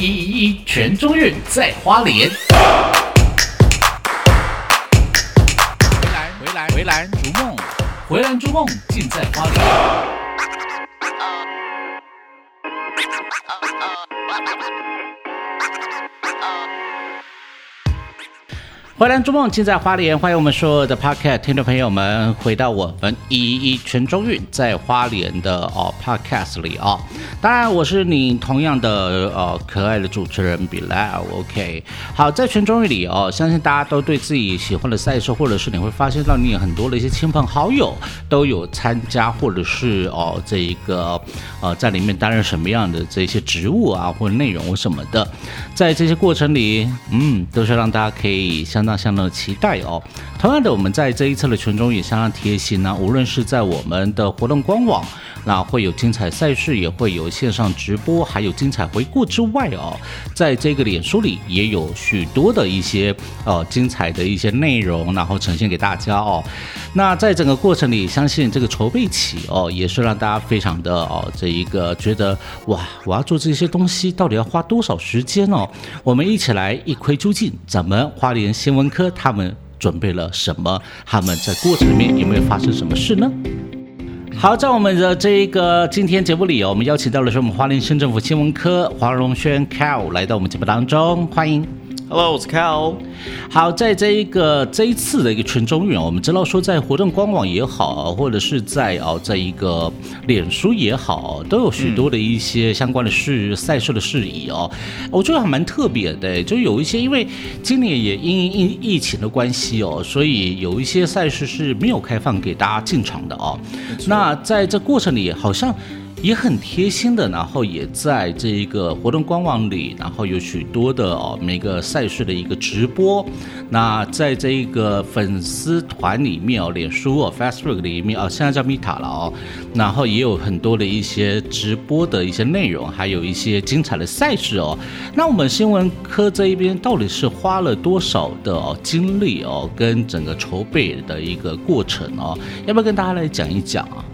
一一一，全中運在花蓮。回藍，回藍，回藍，逐夢，回藍，逐夢，盡在花蓮。歡迎逐夢盡在花蓮，歡迎我們所有的 podcast 聽眾朋友們回到我們一一全中運在花蓮的哦 podcast 裡哦。當然，我是你同樣的呃可愛的主持人 Billow，OK、okay。好，在全中運裡哦，相信大家都對自己喜歡的賽事，或者是你會發現到你有很多的一些親朋好友都有參加，或者是哦這一個呃在裡面擔任什麼樣的這些職務啊，或者內容什麼的。在這些過程裡，嗯，都是讓大家可以相。那相當的期待哦。同樣的，我們在這一次的全中運也相當貼心呢。無論是在我們的活動官網，那會有精彩賽事，也會有線上直播，還有精彩回顧之外哦，在這個臉書裡也有許多的一些呃精彩的一些內容，然後呈現給大家哦。那在整個過程裡，相信這個籌備期哦，也是讓大家非常的哦，這一個覺得哇，我要做這些東西到底要花多少時間呢、哦？我們一起來一窺究竟。咱們花蓮新聞。文科他們準備了什麼？他們在過程裡面有沒有發生什麼事呢？好，在我們的這一個今天節目裡，我們邀請到了是我們花蓮縣政府新聞科黃榮軒 Cal 來到我們節目當中，歡迎。Hello，我是 Carl。好，在這一個這一次的一個全中運哦，我們知道說在活動官網也好，或者是在哦，這一個臉書也好，都有許多的一些相關的事賽事的事宜哦。嗯、我覺得還蠻特別的，就有一些因為今年也因疫疫情的關係哦，所以有一些賽事是沒有開放給大家進場的哦。沒錯。那在這過程裡，好像。也很貼心的，然後也在這一個活動官網裡，然後有許多的哦每個賽事的一個直播。那在這一個粉絲團裡面哦，臉書哦，Facebook 裡面哦，現在叫 Meta 了哦，然後也有很多的一些直播的一些內容，還有一些精彩的賽事哦。那我們新聞科這一邊到底是花了多少的哦精力哦，跟整個籌備的一個過程哦，要不要跟大家來講一講啊？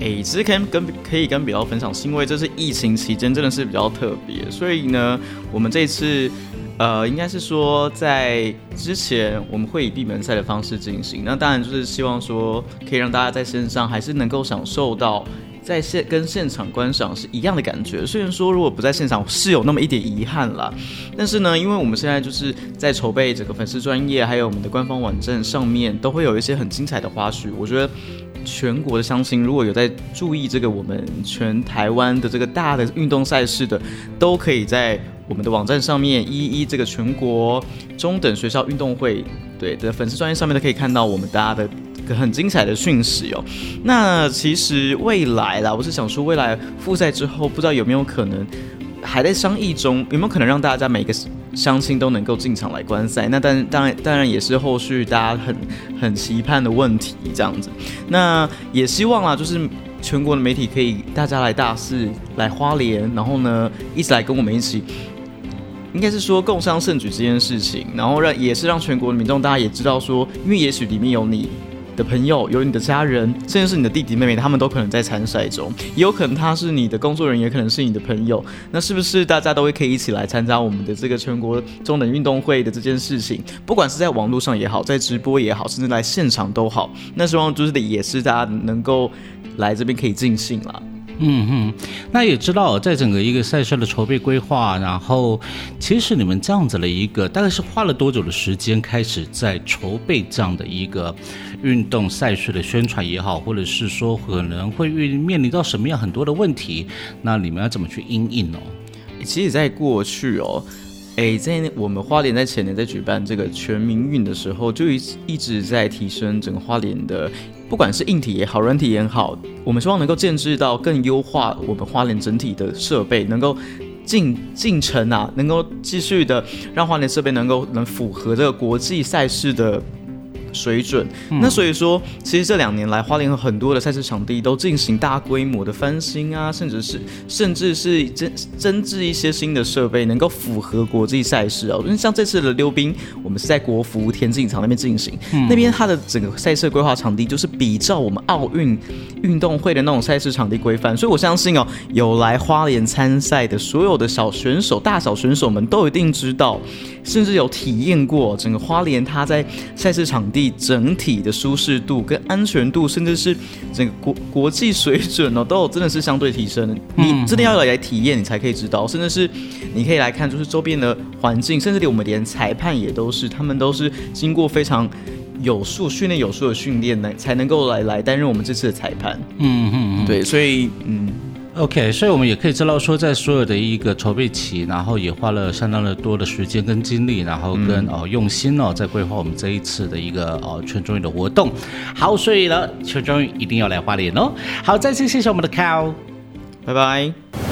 哎、欸，其實可以跟可以跟比較分享，是因為這是疫情期間，真的是比較特別，所以呢，我們這次，呃，應該是說在之前我們會以閉門賽的方式進行，那當然就是希望說可以讓大家在身上還是能夠享受到。在現跟現場觀賞是一樣的感覺，雖然說如果不在現場是有那麼一點遺憾了，但是呢，因為我們現在就是在籌備整個粉絲專頁，還有我們的官方網站上面都會有一些很精彩的花絮。我覺得全國的鄉親如果有在注意這個我們全台灣的這個大的運動賽事的，都可以在我們的網站上面一,一一這個全國中等學校運動會，對，的，粉絲專頁上面都可以看到我們大家的很精彩的訊息哦。那其實未來啦，我是想說，未來複賽之後，不知道有沒有可能，還在商議中，有沒有可能讓大家每個鄉親都能夠進場來觀賽？那但當然，當然也是後續大家很很期盼的問題。這樣子，那也希望啦，就是全國的媒體可以大家來大市、來花蓮，然後呢，一起來跟我們一起，應該是說共襄盛舉這件事情，然後讓也是讓全國的民眾大家也知道說，因為也許裡面有你。你的朋友、有你的家人，甚至是你的弟弟妹妹，他們都可能在參賽中，也有可能他是你的工作人員，也可能是你的朋友，那是不是大家都會可以一起來參加我們的這個全國中等運動會的這件事情？不管是在網絡上也好，在直播也好，甚至來現場都好，那希望就是的，也是大家能夠來這邊可以盡興了。嗯嗯，那也知道在整個一個賽事的籌備規劃，然後其實你們這樣子的一個，大概是花了多久的時間開始在籌備這樣的一個運動賽事的宣傳也好，或者是說可能會遇面臨到什麼樣很多的問題，那你們要怎麼去因應呢？其實，在過去哦。誒、欸，在我們花蓮在前年在舉辦這個全民運的時候，就一一直在提升整個花蓮的，不管是硬體也好，軟體也好，我們希望能夠建制到更優化我們花蓮整體的設備，能夠進進程啊，能夠繼續的讓花蓮設備能夠能符合這個國際賽事的。水準，嗯、那所以說，其實這兩年來，花蓮很多的賽事場地都進行大規模的翻新啊，甚至是甚至是增增置一些新的設備，能夠符合國際賽事啊、哦。因為像這次的溜冰，我們是在國福田徑場那邊進行，嗯、那邊它的整個賽事規劃場地就是比照我們奧運運動會的那種賽事場地規範。所以我相信哦，有來花蓮參賽的所有的小選手、大小選手們都一定知道，甚至有體驗過整個花蓮它在賽事場地整體的舒適度跟安全度，甚至是整個國國際水準呢、哦，都有真的是相對提升的。嗯、哼你真的要來體驗，你才可以知道。甚至是你可以來看，就是周邊的環境，甚至連我們連裁判也都是，他們都是經過非常有素訓練、有素的訓練呢，才能夠來來擔任我們這次的裁判。嗯嗯，對，所以嗯。OK，所以我們也可以知道說，在所有的一個籌備期，然後也花了相當的多的時間跟精力，然後跟、嗯、哦用心哦，在規劃我們這一次的一個哦全中運的活動。好，所以呢，全中運一定要來花蓮哦。好，再次謝謝我們的 Cow，拜拜。